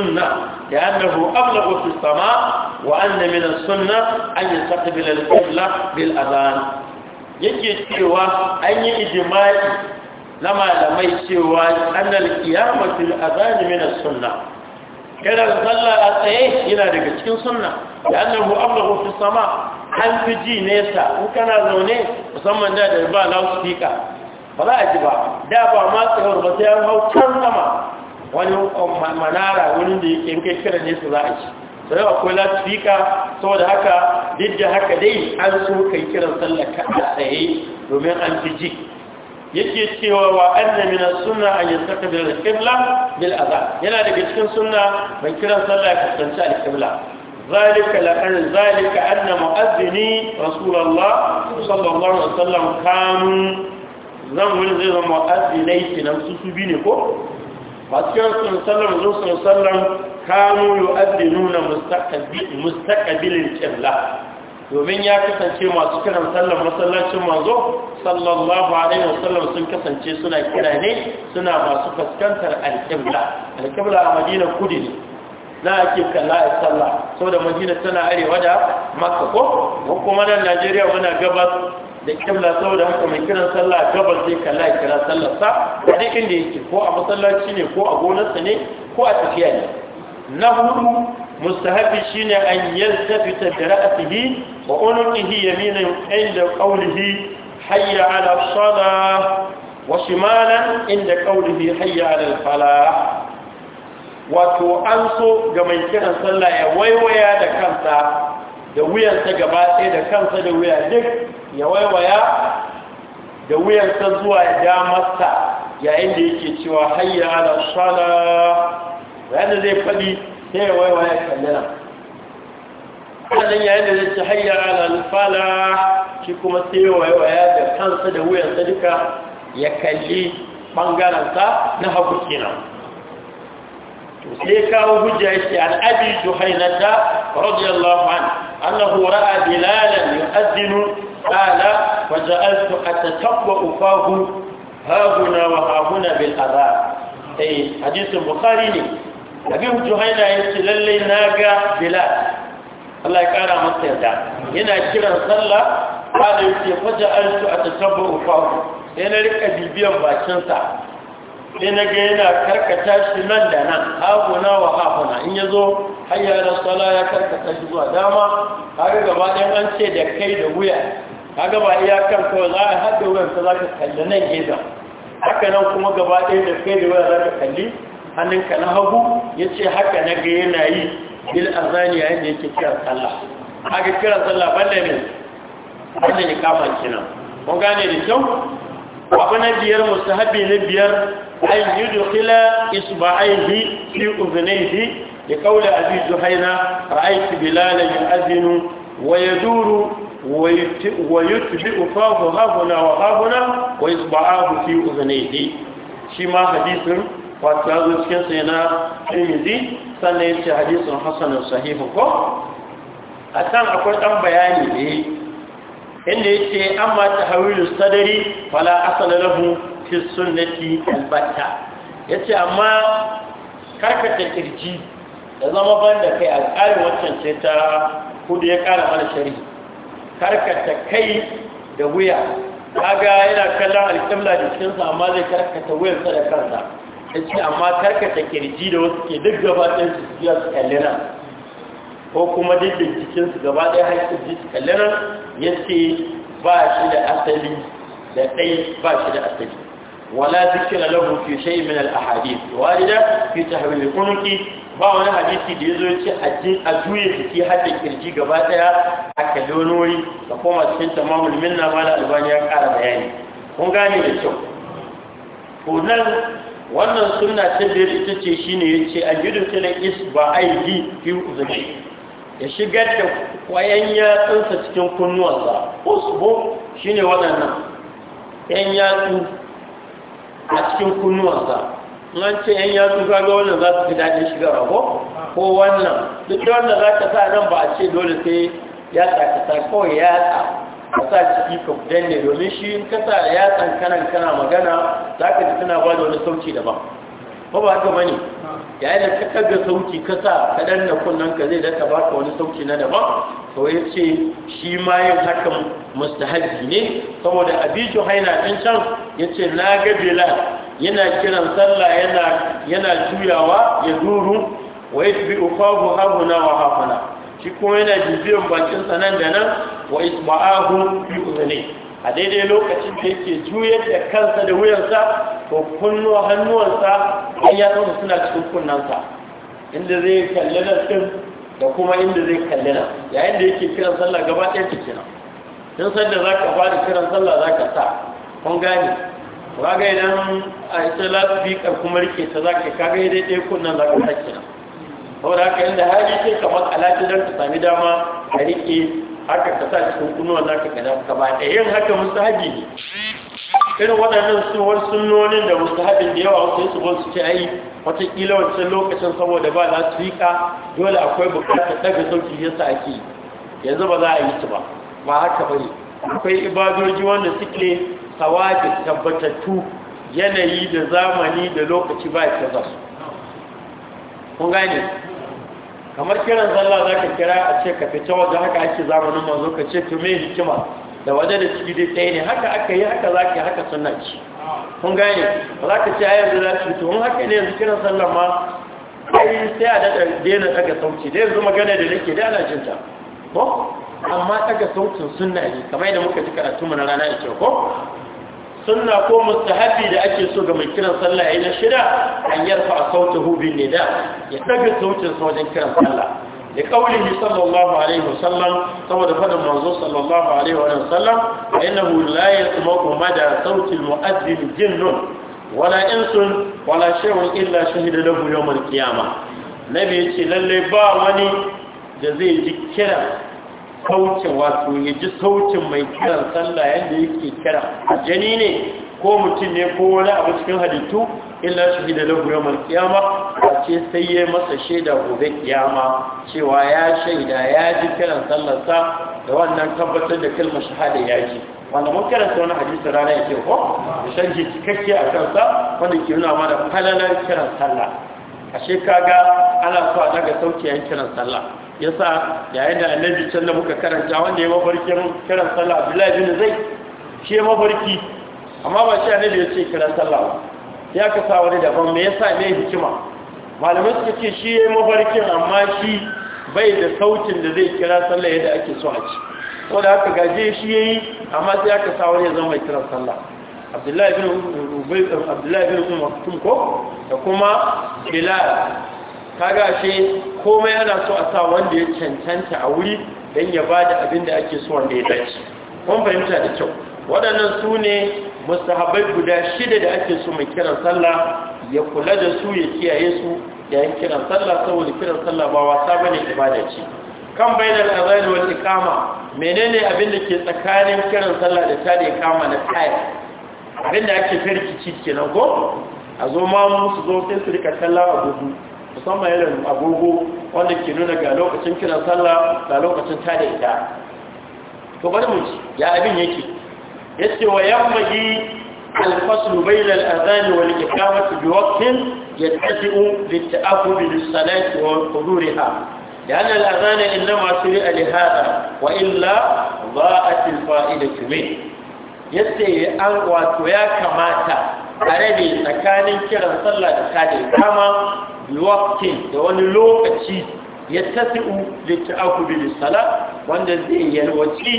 Ya li'annahu ablaghu fi as-sama' wa anna min as-sunnah an yastaqbila al-qibla bil adhan yake cewa an yi ijma'i na malamai cewa annal qiyamatu a adhan min as-sunnah kiran sallah a tsaye yana daga cikin sunna da annahu ablahu fi sama an fi ji nesa in kana zaune musamman da da ba loudspeaker ba za a ji ba da ba ma tsawar ba sai an hau can sama wani um, manara wani da yake kai kiran nesa za a ji sai akwai loudspeaker saboda haka duk da haka dai an so kai kiran sallah ka a tsaye domin an fi ji yake cewa wa anna min as-sunna an yastaqbil al-qibla bil adha yana daga cikin sunna mai kiran sallah ka tsanci al-qibla zalika la an zalika anna mu'adhdhini rasulullah sallallahu alaihi wasallam kan zan wani zai zama mu'adhdhinai kinan su su bi ne ko ba cikin sunna sallallahu alaihi wasallam kanu yu'adhdhinuna mustaqbil mustaqbil al-qibla domin ya kasance masu kiran sallar masallacin manzo sallallahu alaihi wasallam sun kasance suna kira ne suna masu fuskantar al-kibla. al qibla a madina kudi ne na ake kalla a sallah saboda madina tana arewa da makka ko kuma nan najeriya muna gabas da kibla saboda haka mai kiran sallah gabas zai kalla ya kira sallarsa a duk inda yake ko a masallaci ne ko a gonarsa ne ko a tafiya ne na hudu mustahabi shine an yaltafita bi ra'sihi wa unqihi yaminan inda qawlihi hayya 'ala wa shimalan inda qawlihi hayya 'ala al-falah wato an so ga mai kiran sallah ya waiwaya da kansa da wuyansa gaba ɗaya da kansa da wuya duk ya waiwaya da wuyansa zuwa damasta yayin da yake cewa hayya ala bayan zai faɗi sai waiwaya kalli nan wannan yayin da zai ci hayya alfala shi kuma sai waiwaya da kansa da wuyansa duka ya kalli ɓangarensa na hagu kenan ليك وجهت عن أبي جهينة رضي الله عنه أنه رأى بلالا يؤذن قال وجعلت أتتقوأ فاه هاهنا وهاهنا بالأذان أي حديث البخاري abin juhaina ya ce lallai na ga bilal Allah ya kara masa yarda yana kiran sallah kada ya ce faja altu a tattabar ufahu sai na rika bibiyan bakinsa sai na ga yana karkata shi nan da nan haguna wa hafuna in ya zo hayya da sala ya karkata shi zuwa dama kaga gaba ɗayan an ce da kai da wuya kaga ba iyakan kawai za a haɗa wuyan ta za ka kalli nan gida haka nan kuma gaba ɗaya da kai da wuya za ka kalli hannunka na hagu ya ce haka na ga yanayi. bil azani yayin da yake kiran sallah haka kiran sallah balle ne balle ne kama kinan kun gane da kyau abu na biyar musahabi na biyar an yi dukila isba'aihi fi uzunaihi da kaula abi zuhaina ra'aiki bilala yin azinu wa ya duru wa yi tubi ufafu haguna wa haguna wa isba'ahu fi uzunaihi shi ma hadisin wato ya zo sai na tirmidhi sannan yace hadisin hasanun sahihu ko a kan akwai ɗan bayani ne inda yace amma tahwilu sadari fala asala rahu fi sunnati albatta yace amma karkata kirji da zama ban da kai alƙalin wancan ce ta kudu ya ƙara mana shari karkata kai da wuya kaga yana kallon alƙibla da cikinsa amma zai karkata wuyansa da kansa ya ce amma karkata kirji da wasu ke duk gaba su biya su kalli nan ko kuma duk da jikinsu gaba ɗaya haƙƙin ji su kalli nan ya ce ba shi da asali da ɗai ba shi da asali wala zikir lahu fi shay min al ahadith walida fi tahwil al qunuti ba wani hadisi da yazo yace ajin a juye su har da kirji gaba ɗaya a kalonori da kuma cikin tamamul minna mala albani ya ƙara bayani kun gane da kyau Ko nan wannan suna ta da ita ce shi ne ya ce a shine yace ajidu tala isba'aihi fi uzuni ya shigar da kwayan yatsunsa cikin kunnuwansa usbu ne waɗannan yan yatsu a cikin kunnuwansa nan ce yan yatsu kaga wannan za su fi daɗin shigarwa ko ko wannan duk da wannan za ka sa nan ba a ce dole sai ya ka kawai ya yatsa ka sa ciki ka ne domin shi in kasa ya tsankanan kana magana za ka ji tana ba da wani sauci daban ba ba haka bane yayin da ka sauki sauci ka dan na kunnan ka zai daka baka wani sauci na daban to ya ce shi ma yin hakan mustahabi ne saboda abiju haina ɗin can ya ce na ga bilal yana kiran sallah yana yana juyawa ya duru wa yasbi'u qahu hahuna wa hahuna shi kuma yana bibiyan bakin sanan da nan wa isma'ahu yu'mini a daidai lokacin da yake juyar da kansa da wuyarsa to kunno hannuwansa an ya zama suna cikin kunnansa inda zai kalli nan din da kuma inda zai kalli nan yayin da yake kiran sallah gaba ɗaya ciki nan tun sanda za ka fara kiran sallah za ka sa kun gane ga idan a ita lasbikar kuma rike ta za ka dai-dai kunnan za ka sa kenan saboda haka inda hali ce kamar alaƙi don ka sami dama a rike haka ka sa cikin kunuwa za ka ka ba da yin haka musu haɗi ne irin waɗannan wani sunnonin da haɗin da yawa wasu su wasu ce ayi watakila wancan lokacin saboda ba za su rika dole akwai bukatar ɗaga sauki yasa ake yanzu ba za a yi su ba ba haka ba ne akwai ibadoji wanda suke sawajin tabbatattu yanayi da zamani da lokaci ba ya ta zasu kun gane kamar kiran sallah za ka kira a ce ka fita waje haka ake zamanin manzo ka ce to me hikima da waje da ciki dai tsaye ne haka aka yi haka za ka yi haka sunna ci kun gane ba za ka ce ayar da za ki to mun haka ne yanzu kiran zalla ma ai sai a daɗa daina daga sauki da yanzu magana da nake da ana jinta ko amma daga sautin sunna ne kamar yadda muka ji karatu mu na rana ya ce ko sunna ko mustahabi da ake so ga mai kiran sallah yayin shida fa yarfa sautahu bin da ya daga sautin sa wajen kiran sallah da kaulihi sallallahu alaihi wasallam saboda fadin manzo sallallahu alaihi wasallam innahu la yasma'u mada sautil mu'adhdhin jinnun wala insun wala shay'un illa shahida lahu yawm al-qiyamah ya ce lalle ba wani da zai ji kiran sauce wato ya ji saucin mai kiran sallah yadda yake kira jani ne ko mutum ne ko wani abu cikin halittu illa shi da lagurar kiyama a ce sai ya masa shaida gobe kiyama cewa ya shaida ya ji kiran sa, da wannan tabbatar da kalmar shahada ya ji wanda mun sai wani hadisi rana ya ke ko oh, da shanji cikakke a kansa wanda ke nuna mana falalar kiran sallah ashe kaga ana so a daga sauke yan kiran sallah yasa yayin da annabi can da muka karanta wanda ya mafarkin kiran sallah abdullahi bin zai shi ya mafarki amma ba shi annabi ya ce kiran sallah ba ya ka sa wani daban me yasa ne hikima malamai suka ce shi ya mafarkin amma shi bai da sautin da zai kira sallah yadda ake so a ci ko da haka gaje shi yayi amma sai aka sa wani ya zama mai kiran sallah abdullahi bin ubay abdullahi bin maktum ko da kuma bilal kaga shi komai yana so a sa wanda ya cancanta a wuri don ya ba da abin da ake so wanda ya dace kun fahimta da kyau waɗannan su ne musahabai guda shida da ake so mai kiran sallah ya kula da su ya kiyaye su yayin kiran sallah saboda kiran sallah ba wasa bane ibada ce kan bainal azan wal iqama menene abin da ke tsakanin kiran sallah da da iqama na tsaya abin da ake karkici kenan ko a zo ma mu su zo sai su rika sallah a gudu musamman da agogo wanda ke nuna ga lokacin kiran sallah ga lokacin tada ita to bari mu ji ya abin yake yace wa yammaji al-faslu bayna al-adhan wal iqamati bi waqtin yattasi'u li ta'aqqub lis-salati wa quduriha لأن الأذان إنما سرع لهذا وإلا ضاءت الفائدة منه yace an wato ya kamata a rabe tsakanin kiran sallah da tada kama biwaqtin da wani lokaci ya tasiru litta'akubi lissala wanda zai yalwaci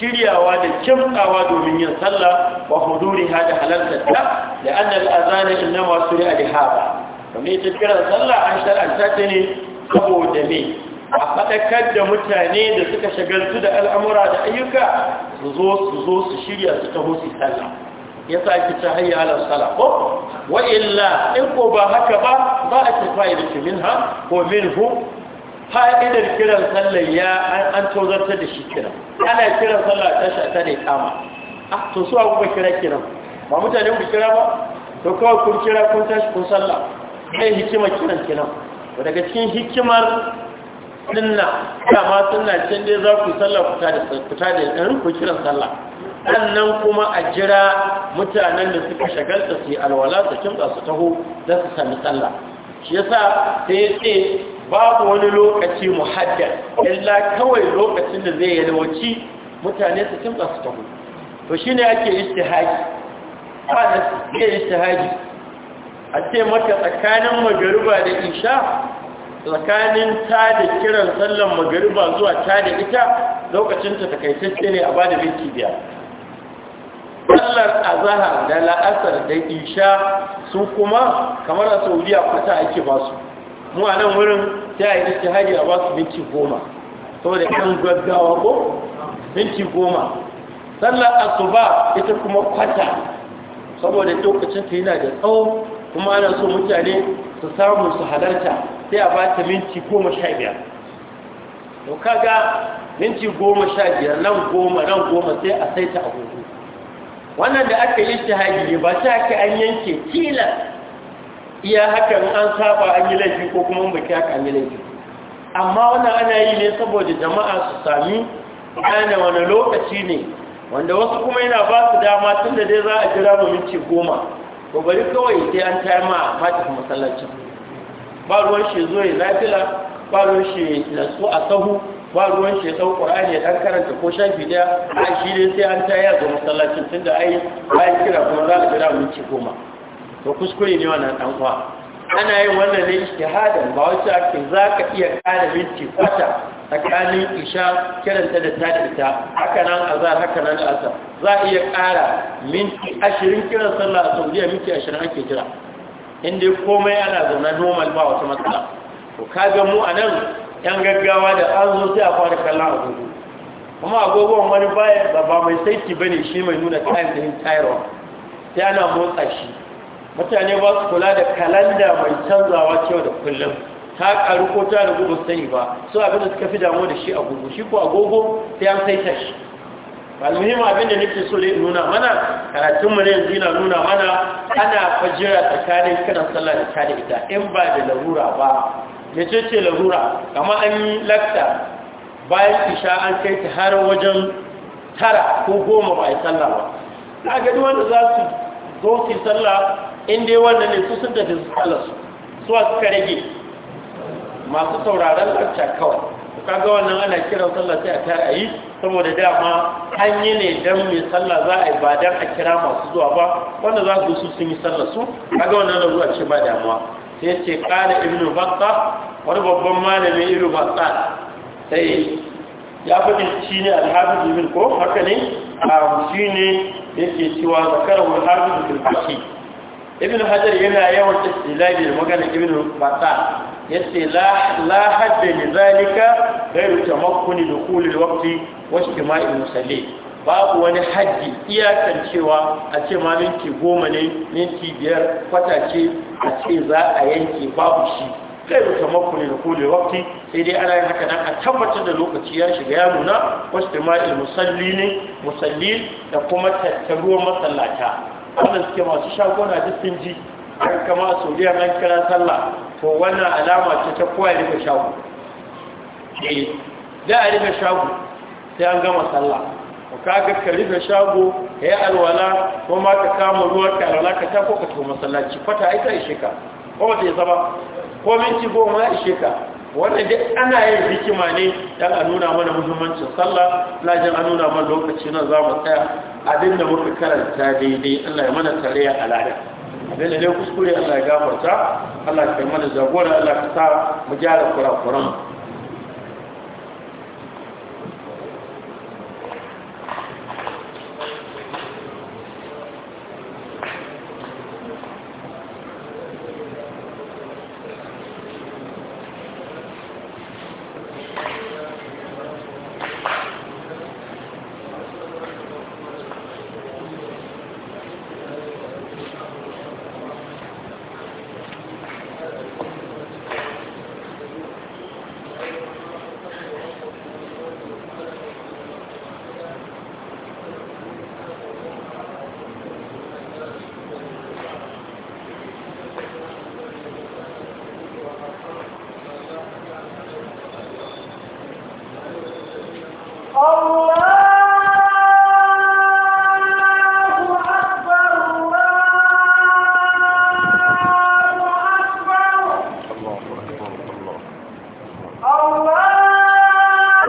shiryawa da kimtsawa domin yin sallah wa huduri ha da halartar ta da an al'azana inna masu ri'a da haɓa domin ita kiran sallah an shar'anta ta ne saboda me a faɗakar da mutane da suka shagaltu da al'amura da ayyuka su zo su zo su shirya su taho su sallah ya sa ake ta hayya ala sala ko wa illa in ko ba haka ba ba a ce fa'ida min ha, ko min minhu fa'idar kiran sallar ya an tozarta da shi kiran. ana kiran sallar ta sha ta ne kama ah to su abu ba kira kiran ba mutane ku kira ba to kawai kun kira kun tashi kun sallah sai hikimar kiran kiran daga cikin hikimar dinna kama suna can dai za ku sallah fita da fita da ɗan ku eh, kiran sallah sannan kuma a jira mutanen da suka shagalta su yi alwala su kimta su taho da su sami sallah shi yasa sai ya ce babu wani lokaci muhaddar, illa kawai lokacin da zai yalwaci mutane su kimta su taho to shi ne ake istihaki su ke istihaji a ce maka tsakanin magariba da isha tsakanin ta da kiran sallan magariba zuwa ta da ita lokacin ta takaitacce ne a bada binci biyar sallar azahar da la'asar da isha su kuma kamar a saudiya kwata ake ba su mu a nan wurin sai a yi hajji a ba su minti goma saboda kan gaggawa ko minti goma sallar asuba ita kuma kwata saboda lokacin ta yana da tsawo kuma ana so mutane su samu su halarta sai a ba ta minti goma sha biyar to kaga minti goma sha biyar nan goma nan goma sai a saita agogo wannan da aka yi shahadi ba ta ka an yanke tilas iya hakan an saba an yi laifi ko kuma mutu haka an yi laifi amma wannan ana yi ne saboda jama'a su sami gane wani lokaci ne wanda wasu kuma yana ba su dama tun da dai za a jira mu minti goma ko bari kawai sai an tayar ma fatih masallacin ba ruwan shi zo ya lafila ba ruwan shi ya so a sahu ba ruwan shi ɗau ƙwar'ani ya ɗan karanta ko shafi ɗaya a shi dai sai an taya ga masallacin tun da ai bayan kira kuma za a jira minti goma Ba kuskure ne wannan ɗan kwa ana yin wannan ne ishtihadan ba wacce ake za ka iya ƙara minti kwata tsakanin isha kiranta da ta da ita haka nan azar haka nan da asa za a iya ƙara minti ashirin kiran sallah a saudiya minti ashirin ake kira. inda komai ana zaune normal ba wata matsala ka kaga mu a nan yan gaggawa da an zo sai a fara kallon agogo kuma agogon wani baya ba mai saiti bane shi mai nuna time da yin sai ana motsa shi mutane ba su kula da kalanda mai canzawa cewa da kullum ta karu ko ta da ba sani ba so da suka fi damu da shi a agogo shi ko agogo sai an saita shi almuhimmin abin da nake so nuna mana karatunmu na yanzu yana nuna mana ana fajira tsakanin kiran sallah da ta da ita in ba da larura ba mece ce larura kama an yi lakta bayan isha an kai ta har wajen tara ko goma ba a yi sallah ba na gani wanda za su zo su sallah inda wanda ne su sun tafi su, suwa ka rage masu sauraron lakta kawai ga wannan ana kiran sallah sai a tara yi saboda dama an ne don mai sallah za a yi ba don a kira masu zuwa ba wanda za su su sun yi sallah su ga wannan larura ce ba damuwa sai ce kala ibnu batta wani babban malamin ibnu batta sai ya faɗi shi ne alhafiz ibn ko haka ne a shi ne yake cewa zakarar alhafiz ibn fashi ibn hajar yana yawan istilabi da magana ibn batta yace la la hadda li zalika ghayru da dukhul alwaqti wa istima'i musallin babu wani hajji iyakan cewa a ce ma minti goma ne minti biyar kwata ce a ce za a yanke babu shi kai da tamakku ne da kule wakti sai dai ana yin haka nan a tabbatar da lokaci ya shiga ya nuna wasu jama'il musalli ne musalli da kuma tattaruwar masallata wanda suke masu shagona duk sun ji har kama a saudiya an kira sallah to wannan alama ce ta kowa ya rika shago eh, da a rufe shago sai an gama sallah ku kaga ka rufe shago ka yi alwala ko ma ka kama ruwa ka alwala ka ta ko ka tafi masallaci fata ai ishe ka ko ta isa ba ko minti goma ya ishe ka wannan dai ana yin hikima ne don a nuna mana muhimmancin sallah na jin a nuna mana lokaci na za mu tsaya abin da muka karanta daidai allah ya mana tare a al'ada abin da ne kuskure allah ya gafarta allah ya kai mana jagora allah ka sa mu gyara kurakuran